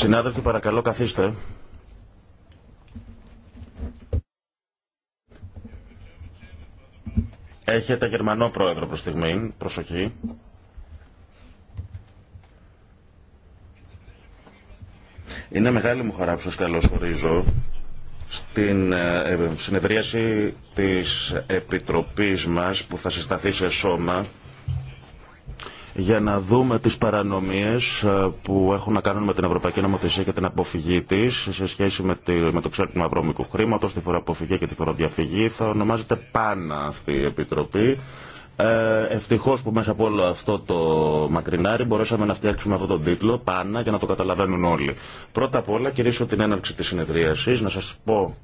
Συνάδελφοι, παρακαλώ καθίστε. Έχετε Γερμανό πρόεδρο προς στιγμή. Προσοχή. Είναι μεγάλη μου χαρά που σας καλωσορίζω στην ε, ε, συνεδρίαση της Επιτροπής μας που θα συσταθεί σε σώμα για να δούμε τις παρανομίες ε, που έχουν να κάνουν με την Ευρωπαϊκή Νομοθεσία και την αποφυγή της σε σχέση με, το ξέπλυμα βρώμικου χρήματος, τη φοροαποφυγή και τη φοροδιαφυγή. Θα ονομάζεται ΠΑΝΑ αυτή η Επιτροπή. Ε, Ευτυχώ που μέσα από όλο αυτό το μακρινάρι μπορέσαμε να φτιάξουμε αυτόν τον τίτλο ΠΑΝΑ, για να το καταλαβαίνουν όλοι. Πρώτα απ' όλα κηρύσω την έναρξη τη συνεδρίαση να σα πω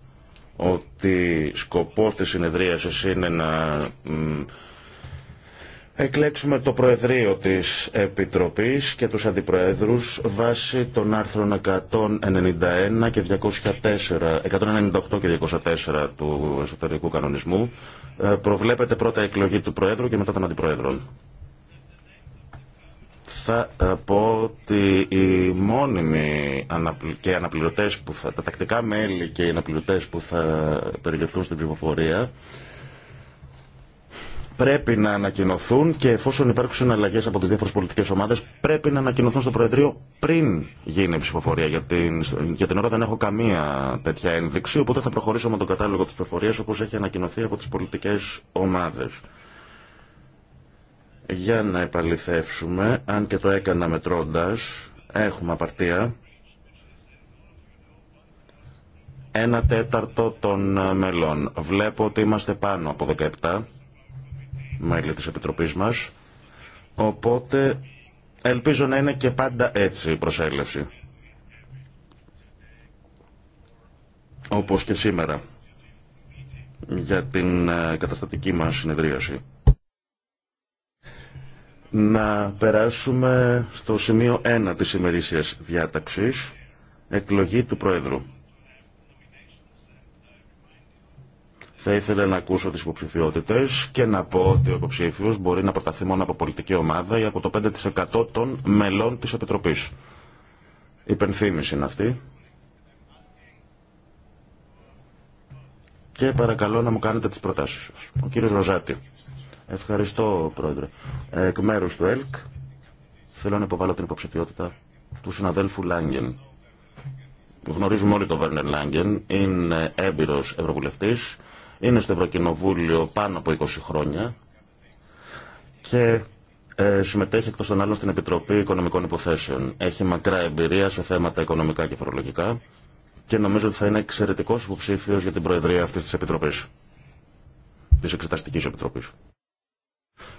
ότι σκοπός της συνεδρίασης είναι να εκλέξουμε το Προεδρείο της Επιτροπής και τους Αντιπροέδρους βάσει των άρθρων 191 και 204, 198 και 204 του εσωτερικού κανονισμού. Ε, προβλέπεται πρώτα η εκλογή του Προέδρου και μετά των Αντιπροέδρων. Θα ε, πω ότι οι μόνιμοι και αναπληρωτές που θα, τα τακτικά μέλη και οι αναπληρωτές που θα περιληφθούν στην ψηφοφορία πρέπει να ανακοινωθούν και εφόσον υπάρχουν αλλαγέ από τι διάφορε πολιτικέ ομάδε, πρέπει να ανακοινωθούν στο Προεδρείο πριν γίνει η ψηφοφορία. Για την, για την ώρα δεν έχω καμία τέτοια ένδειξη, οπότε θα προχωρήσω με τον κατάλογο τη ψηφοφορία όπω έχει ανακοινωθεί από τι πολιτικέ ομάδε. Για να επαληθεύσουμε, αν και το έκανα μετρώντα, έχουμε απαρτία. Ένα τέταρτο των μελών. Βλέπω ότι είμαστε πάνω από 17 μέλη της Επιτροπής μας. Οπότε ελπίζω να είναι και πάντα έτσι η προσέλευση. Όπως και σήμερα για την ε, καταστατική μας συνεδρίαση. Να περάσουμε στο σημείο 1 της ημερήσιας διάταξης, εκλογή του Πρόεδρου. Θα ήθελα να ακούσω τι υποψηφιότητε και να πω ότι ο υποψήφιο μπορεί να προταθεί μόνο από πολιτική ομάδα ή από το 5% των μελών τη Επιτροπή. Υπενθύμηση είναι αυτή. Και παρακαλώ να μου κάνετε τις προτάσεις σας. Ο κύριος Ροζάτη. Ευχαριστώ, Πρόεδρε. Εκ μέρους του ΕΛΚ θέλω να υποβάλω την υποψηφιότητα του συναδέλφου Λάγκεν. Γνωρίζουμε όλοι τον Βέρνερ Λάγκεν. Είναι έμπειρος ευρωβουλευτής είναι στο Ευρωκοινοβούλιο πάνω από 20 χρόνια και ε, συμμετέχει εκτός των άλλων στην Επιτροπή Οικονομικών Υποθέσεων. Έχει μακρά εμπειρία σε θέματα οικονομικά και φορολογικά και νομίζω ότι θα είναι εξαιρετικός υποψήφιος για την Προεδρία αυτής της Επιτροπής, της Εξεταστικής Επιτροπής.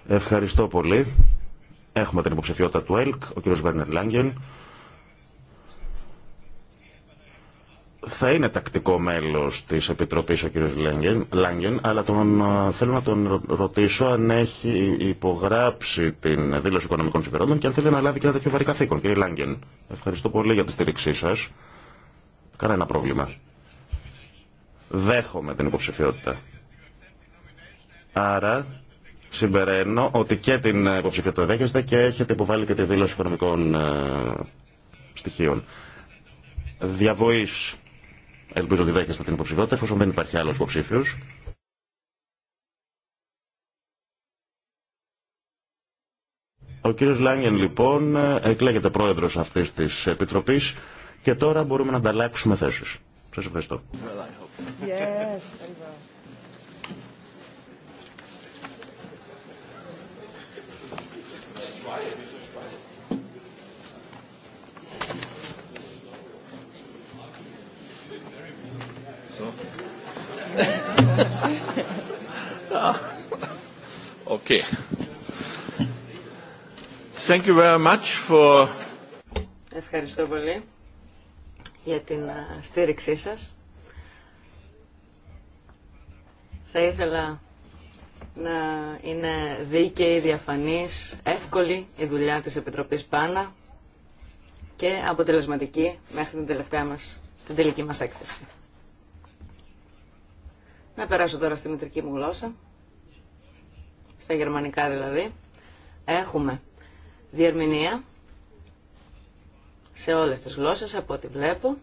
Ευχαριστώ πολύ. Έχουμε την υποψηφιότητα του ΕΛΚ, ο κ. Βέρνερ Λάγγεν. θα είναι τακτικό μέλος της Επιτροπής ο κ. Λάγκεν, αλλά τον, ε, θέλω να τον ρωτήσω αν έχει υπογράψει την δήλωση οικονομικών συμφερόντων και αν θέλει να λάβει και ένα τέτοιο βαρύ καθήκον. Κύριε Λάγκεν, ευχαριστώ πολύ για τη στήριξή σας. Κανένα πρόβλημα. Δέχομαι την υποψηφιότητα. Άρα συμπεραίνω ότι και την υποψηφιότητα δέχεστε και έχετε υποβάλει και τη δήλωση οικονομικών ε, στοιχείων. Διαβοής Ελπίζω ότι δέχεστε την υποψηφιότητα, εφόσον δεν υπάρχει άλλο υποψήφιο. Ο κύριος Λάγγεν λοιπόν εκλέγεται πρόεδρος αυτής της επιτροπής και τώρα μπορούμε να ανταλλάξουμε θέσεις. Σα ευχαριστώ. Yes, Ευχαριστώ πολύ για την στήριξή σας. Θα ήθελα να είναι δίκαιη, διαφανής, εύκολη η δουλειά της Επιτροπής Πάνα και αποτελεσματική μέχρι την τελευταία μας, την τελική μας έκθεση. Να περάσω τώρα στη μητρική μου γλώσσα, στα γερμανικά δηλαδή. Έχουμε διερμηνία σε όλες τις γλώσσες από ό,τι βλέπω.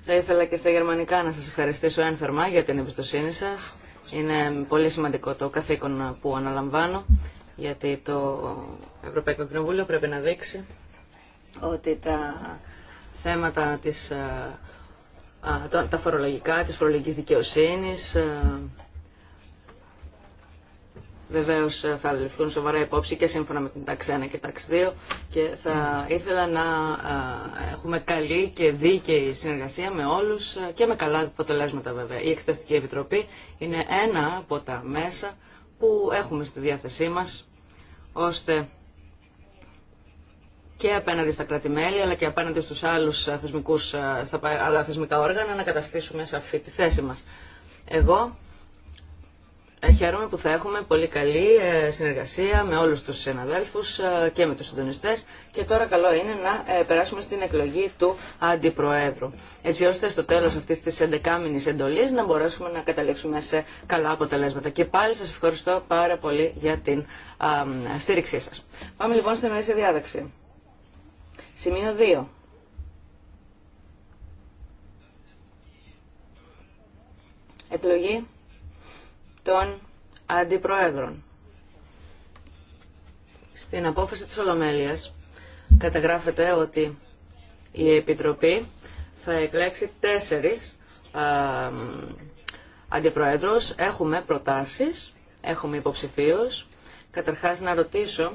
Θα ήθελα και στα γερμανικά να σας ευχαριστήσω ένθερμα για την εμπιστοσύνη σας. Είναι πολύ σημαντικό το καθήκον που αναλαμβάνω, γιατί το Ευρωπαϊκό Κοινοβούλιο πρέπει να δείξει ότι τα θέματα της ε, τα φορολογικά, της φορολογικής δικαιοσύνης. Ε, βεβαίως ε, θα ληφθούν σοβαρά υπόψη και σύμφωνα με την τάξη 1 και τάξη 2 και θα ήθελα να ε, έχουμε καλή και δίκαιη συνεργασία με όλους και με καλά αποτελέσματα βέβαια. Η Εξεταστική Επιτροπή είναι ένα από τα μέσα που έχουμε στη διάθεσή μας ώστε και απέναντι στα κρατημέλη αλλά και απέναντι στους άλλους ε, θεσμικούς, ε, στα άλλα θεσμικά όργανα να καταστήσουμε αυτή τη θέση μας. Εγώ ε, χαίρομαι που θα έχουμε πολύ καλή συνεργασία με όλους τους συναδέλφους και με τους συντονιστές και τώρα καλό είναι να περάσουμε στην εκλογή του Αντιπροέδρου έτσι ώστε στο τέλος αυτής της 11μηνης εντολής να μπορέσουμε να καταλήξουμε σε καλά αποτελέσματα. Και πάλι σας ευχαριστώ πάρα πολύ για την στήριξή σας. Πάμε λοιπόν στην μέση διάδεξη. Σημείο 2. Εκλογή των αντιπροέδρων. Στην απόφαση της Ολομέλειας καταγράφεται ότι η Επιτροπή θα εκλέξει τέσσερις α, αντιπροέδρους. Έχουμε προτάσεις, έχουμε υποψηφίους. Καταρχάς να ρωτήσω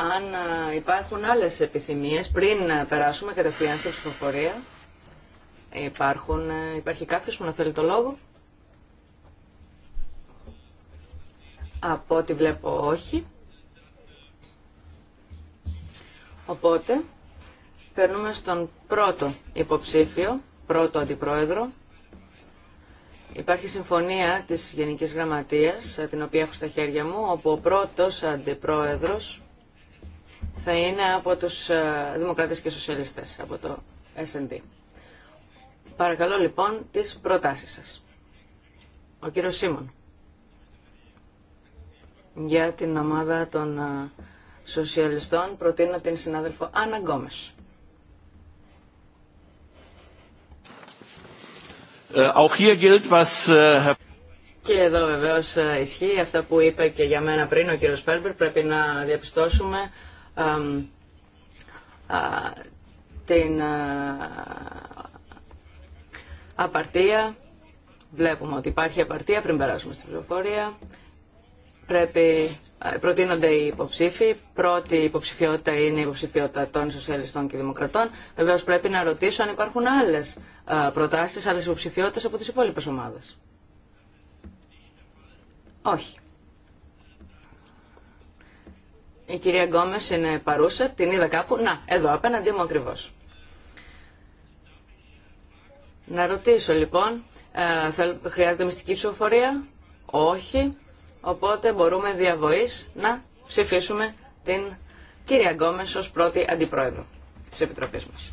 αν υπάρχουν άλλες επιθυμίες πριν περάσουμε κατευθείαν στην ψηφοφορία. Υπάρχουν, υπάρχει κάποιος που να θέλει το λόγο. Από ό,τι βλέπω όχι. Οπότε, περνούμε στον πρώτο υποψήφιο, πρώτο αντιπρόεδρο. Υπάρχει συμφωνία της Γενικής Γραμματείας, την οποία έχω στα χέρια μου, όπου ο πρώτος αντιπρόεδρος θα είναι από τους ε, Δημοκράτες και Σοσιαλιστές, από το S&D. Παρακαλώ λοιπόν τις προτάσεις σας. Ο κύριος Σίμων για την ομάδα των ε, Σοσιαλιστών προτείνω την συνάδελφο Άννα Γκόμες. Ε, και εδώ βεβαίως ισχύει αυτά που είπε και για μένα πριν ο κύριος Φέρμπερ. Πρέπει να διαπιστώσουμε την απαρτία. Βλέπουμε ότι υπάρχει απαρτία πριν περάσουμε στην πληροφορία. Πρέπει, προτείνονται οι υποψήφοι. Πρώτη υποψηφιότητα είναι η υποψηφιότητα των Σοσιαλιστών και Δημοκρατών. Βεβαίω πρέπει να ρωτήσω αν υπάρχουν άλλε προτάσει, άλλε υποψηφιότητε από τι υπόλοιπε ομάδε. Όχι. Η κυρία Γκόμες είναι παρούσα, την είδα κάπου. Να, εδώ, απέναντί μου ακριβώ. Να ρωτήσω λοιπόν, ε, χρειάζεται μυστική ψηφοφορία. Όχι. Οπότε μπορούμε διαβοή να ψηφίσουμε την κυρία Γκόμες ως πρώτη αντιπρόεδρο της Επιτροπής μας.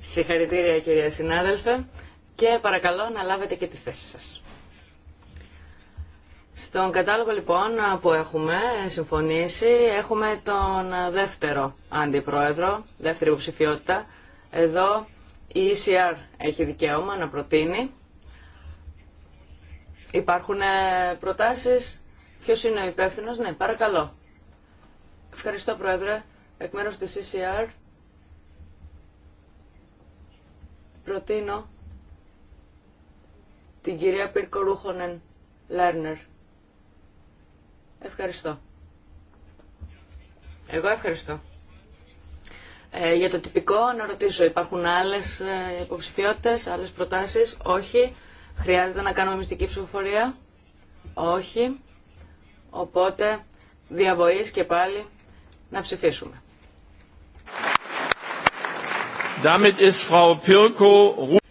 Συγχαρητήρια κυρία συνάδελφε και παρακαλώ να λάβετε και τη θέση σας. Στον κατάλογο λοιπόν που έχουμε συμφωνήσει έχουμε τον δεύτερο αντιπρόεδρο, δεύτερη υποψηφιότητα. Εδώ η ECR έχει δικαίωμα να προτείνει. Υπάρχουν ε, προτάσεις. Ποιος είναι ο υπεύθυνο, Ναι, παρακαλώ. Ευχαριστώ Πρόεδρε. Εκ μέρους της ECR προτείνω την κυρία Πυρκορούχονεν Λέρνερ. Ευχαριστώ. Εγώ ευχαριστώ. Ε, για το τυπικό να ρωτήσω, υπάρχουν άλλες ε, υποψηφιότητες, άλλες προτάσεις. Όχι. Χρειάζεται να κάνουμε μυστική ψηφοφορία. Όχι. Οπότε διαβοής και πάλι να ψηφίσουμε.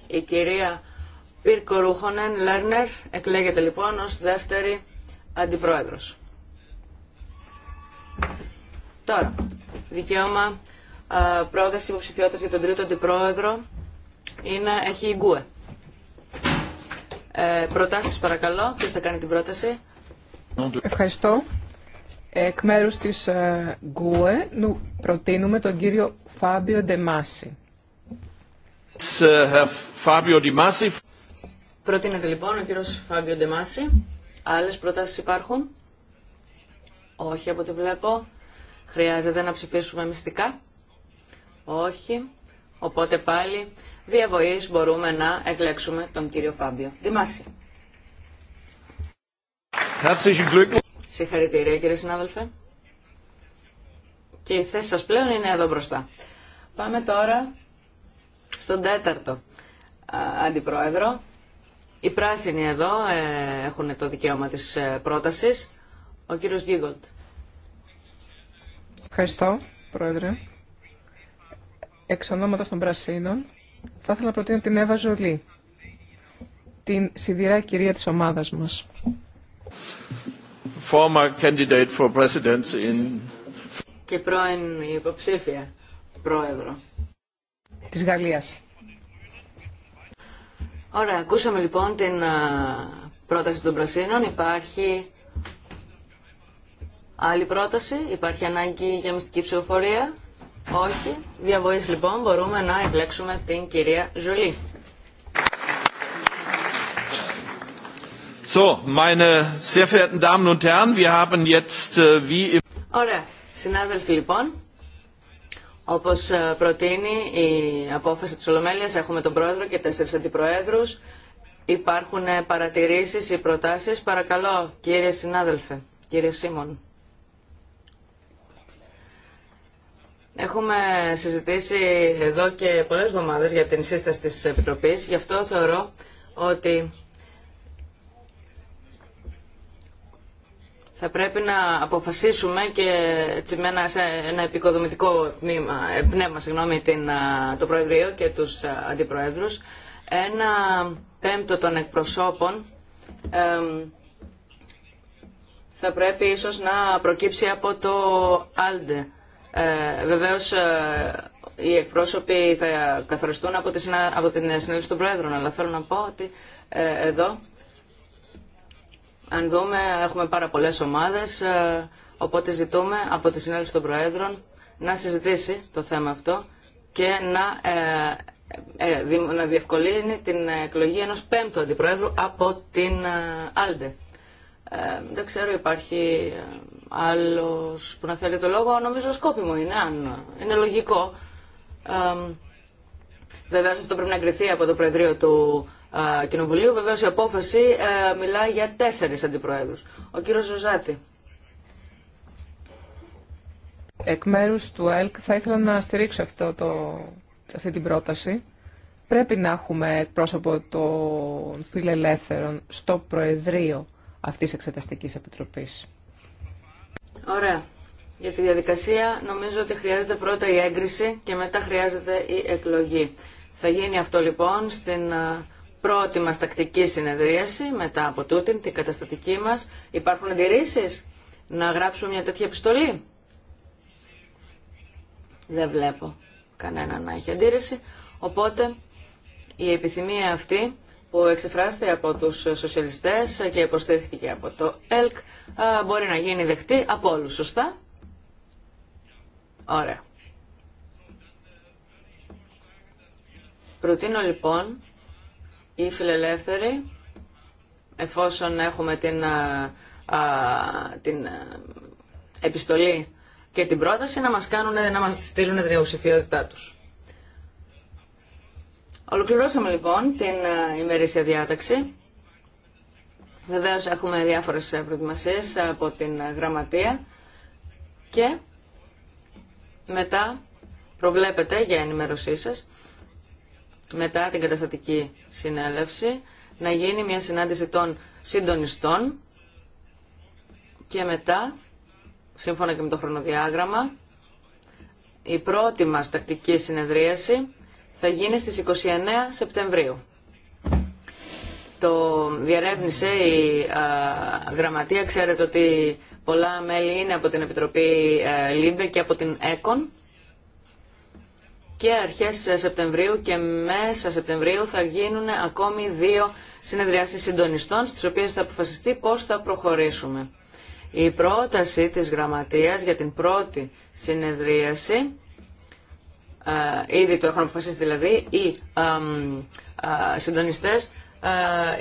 Η κυρία Πίρκο Ρούχονεν Λέρνερ εκλέγεται λοιπόν ως δεύτερη αντιπρόεδρος. Τώρα, δικαίωμα πρόταση υποψηφιότητα για τον τρίτο αντιπρόεδρο είναι, έχει η Γκουε. Ε, προτάσεις παρακαλώ. Ποιος θα κάνει την πρόταση. Ευχαριστώ. Εκ μέρου τη ε, ΓΚΟΕ προτείνουμε τον κύριο Φάμπιο Ντεμάση. Ε, Προτείνεται λοιπόν ο κύριο Φάμπιο Ντεμάση. Άλλε προτάσει υπάρχουν. Όχι από ό,τι βλέπω. Χρειάζεται να ψηφίσουμε μυστικά. Όχι. Οπότε πάλι διαβοής μπορούμε να εκλέξουμε τον κύριο Φάμπιο. Δημάση. Συγχαρητήρια κύριε συνάδελφε. Και η θέση σας πλέον είναι εδώ μπροστά. Πάμε τώρα στον τέταρτο αντιπρόεδρο. Οι πράσινοι εδώ ε, έχουν το δικαίωμα της ε, πρότασης. Ο κύριος Γκίγκολτ. Ευχαριστώ, Πρόεδρε. Εξ των Πρασίνων, θα ήθελα να προτείνω την Εύα Ζολή, την σιδηρά κυρία της ομάδας μας. for in... Και πρώην υποψήφια πρόεδρο. Της Γαλλίας. Ωραία, ακούσαμε λοιπόν την ε, πρόταση των Πρασίνων. Υπάρχει Άλλη πρόταση. Υπάρχει ανάγκη για μυστική ψηφοφορία. Όχι. Διαβοήθηση λοιπόν μπορούμε να εκλέξουμε την κυρία Ζολή. meine sehr verehrten Damen und äh, Ωραία. Συνάδελφοι λοιπόν, όπως ε, προτείνει η απόφαση της Ολομέλειας, έχουμε τον πρόεδρο και τέσσερι αντιπροέδρους. Υπάρχουν ε, παρατηρήσεις ή προτάσεις. Παρακαλώ, κύριε συνάδελφε, κύριε Σίμων. Έχουμε συζητήσει εδώ και πολλές εβδομάδες για την σύσταση της Επιτροπής, γι' αυτό θεωρώ ότι θα πρέπει να αποφασίσουμε και έτσι ένα, σε ένα επικοδομητικό τμήμα, ε, πνεύμα συγγνώμη, την, το Προεδρείο και τους Αντιπροέδρους ένα πέμπτο των εκπροσώπων θα πρέπει ίσως να προκύψει από το Άλντε ε, βεβαίως ε, οι εκπρόσωποι θα καθοριστούν από, τη από την συνέλευση των Προέδρων, αλλά θέλω να πω ότι ε, εδώ, αν δούμε, έχουμε πάρα πολλές ομάδες, ε, οπότε ζητούμε από τη συνέλευση των Προέδρων να συζητήσει το θέμα αυτό και να, να διευκολύνει την εκλογή ενό πέμπτου αντιπρόεδρου από την Άλντε. Ε, δεν ξέρω, υπάρχει ε, άλλος που να θέλει το λόγο. Νομίζω σκόπιμο είναι, αν είναι λογικό. Ε, Βεβαίω αυτό πρέπει να εγκριθεί από το Προεδρείο του ε, Κοινοβουλίου. Βεβαίω η απόφαση ε, μιλάει για τέσσερι αντιπροέδρου. Ο κύριο Ζωζάτη. Εκ μέρου του ΕΛΚ θα ήθελα να στηρίξω αυτό το, αυτή την πρόταση. Πρέπει να έχουμε εκπρόσωπο των φιλελεύθερων στο Προεδρείο αυτής της Εξεταστικής Επιτροπής. Ωραία. Για τη διαδικασία νομίζω ότι χρειάζεται πρώτα η έγκριση και μετά χρειάζεται η εκλογή. Θα γίνει αυτό λοιπόν στην ε, πρώτη μας τακτική συνεδρίαση, μετά από τούτην, την καταστατική μας. Υπάρχουν αντιρρήσεις να γράψουμε μια τέτοια επιστολή. Δεν βλέπω κανένα να έχει αντίρρηση. Οπότε η επιθυμία αυτή που εξεφράστηκε από τους σοσιαλιστές και υποστήριχθηκε από το ΕΛΚ μπορεί να γίνει δεκτή από όλους, σωστά. Ωραία. Προτείνω λοιπόν οι φιλελεύθεροι, εφόσον έχουμε την, α, την επιστολή και την πρόταση, να μας, κάνουν, να μας στείλουν την υποψηφιότητά τους. Ολοκληρώσαμε λοιπόν την ε, ημερήσια διάταξη. Βεβαίω έχουμε διάφορε προετοιμασίε από την ε, γραμματεία και μετά προβλέπετε για ενημερωσή σα μετά την καταστατική συνέλευση να γίνει μια συνάντηση των συντονιστών και μετά, σύμφωνα και με το χρονοδιάγραμμα, η πρώτη μας τακτική συνεδρίαση θα γίνει στις 29 Σεπτεμβρίου. Το διαρεύνησε η Γραμματεία. Ξέρετε ότι πολλά μέλη είναι από την Επιτροπή ε, ΛΥΜΠΕ και από την ΕΚΟΝ και αρχές Σεπτεμβρίου και μέσα Σεπτεμβρίου θα γίνουν ακόμη δύο συνεδριάσεις συντονιστών στις οποίες θα αποφασιστεί πώς θα προχωρήσουμε. Η πρόταση της Γραμματείας για την πρώτη συνεδρίαση ε, ήδη το έχουν αποφασίσει δηλαδή, οι ε, συντονιστές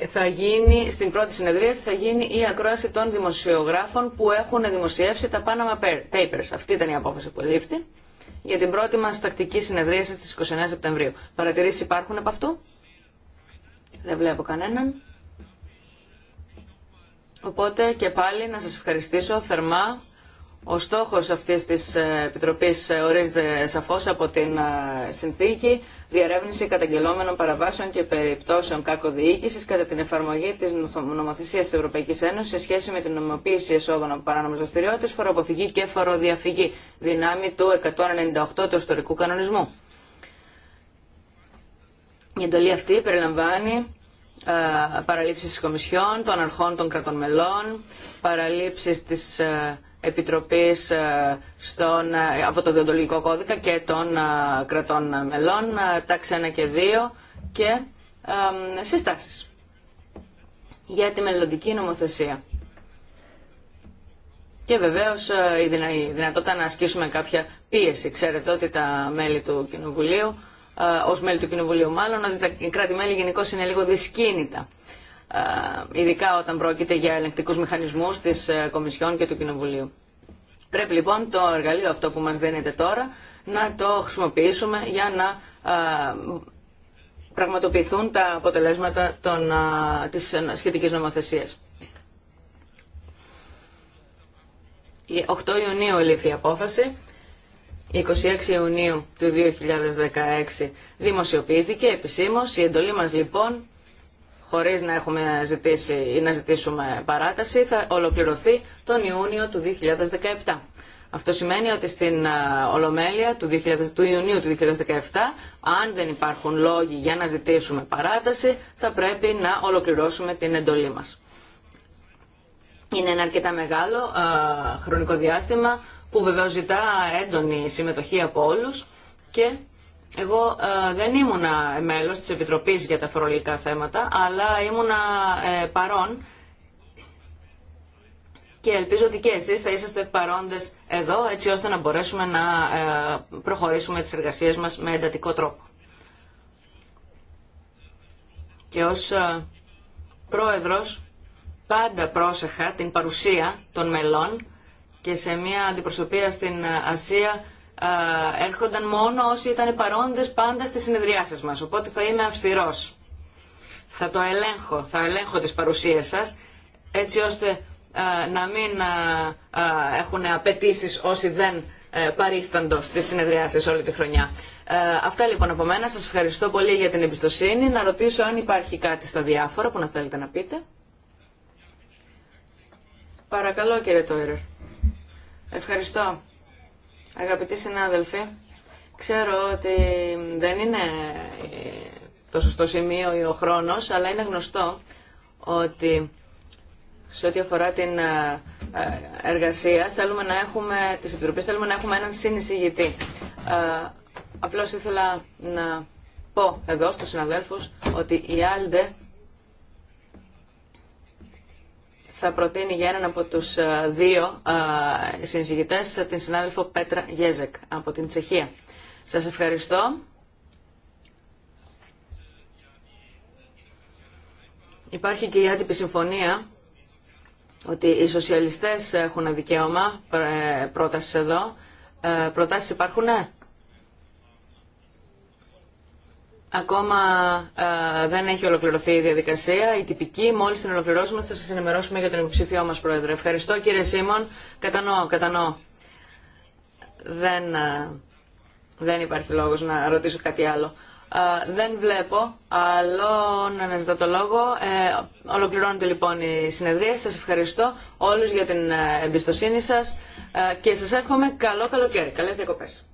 ε, θα γίνει, στην πρώτη συνεδρία θα γίνει η ακρόαση των δημοσιογράφων που έχουν δημοσιεύσει τα Panama Papers. Αυτή ήταν η απόφαση που λήφθη για την πρώτη μας τακτική συνεδρία στις 29 Σεπτεμβρίου. Παρατηρήσεις υπάρχουν από αυτού. Δεν βλέπω κανέναν. Οπότε και πάλι να σας ευχαριστήσω θερμά ο στόχος αυτής της ε, Επιτροπής ε, ορίζεται σαφώς από την ε, συνθήκη διαρεύνηση καταγγελόμενων παραβάσεων και περιπτώσεων κακοδιοίκησης κατά την εφαρμογή της νομοθεσίας της Ευρωπαϊκής Ένωσης σε σχέση με την νομοποίηση εσόδων από παράνομε δραστηριότητε, φοροαποφυγή και φοροδιαφυγή, δυνάμει του 198 του ιστορικού κανονισμού. Η εντολή αυτή περιλαμβάνει παραλήψεις της Κομισιόν, των αρχών των κρατών μελών, παραλήψεις της Επιτροπής ε, ε, από το Διοντολογικό Κώδικα και των ε, κρατών μελών, τάξη 1 και 2 και συστάσεις για τη μελλοντική νομοθεσία. Και βεβαίως η δυνατότητα να ασκήσουμε κάποια πίεση. Ξέρετε ότι τα μέλη του Κοινοβουλίου, ως μέλη του Κοινοβουλίου μάλλον, ότι τα κράτη-μέλη γενικώ είναι λίγο δυσκίνητα. Ε, ειδικά όταν πρόκειται για ελεγκτικούς μηχανισμούς της ε, Κομισιόν και του Κοινοβουλίου. Πρέπει λοιπόν το εργαλείο αυτό που μας δίνεται τώρα να το χρησιμοποιήσουμε για να ε, πραγματοποιηθούν τα αποτελέσματα των, της σχετικής νομοθεσίας. 8 Ιουνίου λήφθη η απόφαση. 26 Ιουνίου του 2016 δημοσιοποιήθηκε επισήμως. Η εντολή μας λοιπόν χωρίς να έχουμε ζητήσει ή να ζητήσουμε παράταση, θα ολοκληρωθεί τον Ιούνιο του 2017. Αυτό σημαίνει ότι στην Ολομέλεια του, του Ιουνίου του 2017, αν δεν υπάρχουν λόγοι για να ζητήσουμε παράταση, θα πρέπει να ολοκληρώσουμε την εντολή μας. Είναι ένα αρκετά μεγάλο χρονικό διάστημα που βεβαίως ζητά έντονη συμμετοχή από όλους και εγώ ε, δεν ήμουνα μέλος της Επιτροπής για τα φορολογικά θέματα, αλλά ήμουνα ε, παρόν και ελπίζω ότι και εσείς θα είσαστε παρόντες εδώ, έτσι ώστε να μπορέσουμε να ε, προχωρήσουμε τις εργασίες μας με εντατικό τρόπο. Και ως ε, πρόεδρος πάντα πρόσεχα την παρουσία των μελών και σε μια αντιπροσωπεία στην ε, Ασία έρχονταν μόνο όσοι ήταν παρόντες πάντα στις συνεδριάσεις μας. Οπότε θα είμαι αυστηρός. Θα το ελέγχω, θα ελέγχω τις παρουσίες σας, έτσι ώστε να μην έχουν απαιτήσει όσοι δεν ε, παρίσταντο στι συνεδριάσεις όλη τη χρονιά. Ε, αυτά λοιπόν από μένα. Σα ευχαριστώ πολύ για την εμπιστοσύνη. Να ρωτήσω αν υπάρχει κάτι στα διάφορα που να θέλετε να πείτε. Παρακαλώ κύριε Τόιρερ. Ευχαριστώ. Αγαπητοί συνάδελφοι, ξέρω ότι δεν είναι ε, το σωστό σημείο ή ο χρόνος, αλλά είναι γνωστό ότι σε ό,τι αφορά την ε, ε, εργασία θέλουμε να έχουμε, της Επιτροπής θέλουμε να έχουμε έναν συνεισηγητή. Απλώς ήθελα να πω εδώ στους συναδέλφους ότι η Άλντε θα προτείνει για έναν από τους ε, δύο ε, συζητητέ την συνάδελφο Πέτρα Γέζεκ από την Τσεχία. Σα ευχαριστώ. Υπάρχει και η άτυπη συμφωνία ότι οι σοσιαλιστές έχουν δικαίωμα ε, πρόταση εδώ. Προτάσεις υπάρχουν, ναι. Ακόμα ε, δεν έχει ολοκληρωθεί η διαδικασία, η τυπική. Μόλις την ολοκληρώσουμε θα σας ενημερώσουμε για τον υποψηφιό μας πρόεδρο. Ευχαριστώ κύριε Σίμων. Κατανοώ, κατανοώ. Δεν, ε, δεν υπάρχει λόγος να ρωτήσω κάτι άλλο. Ε, δεν βλέπω άλλο να αναζητά το λόγο. ολοκληρώνεται λοιπόν η συνεδρία. Σας ευχαριστώ όλους για την εμπιστοσύνη σας και σας εύχομαι καλό καλοκαίρι. Καλές διακοπές.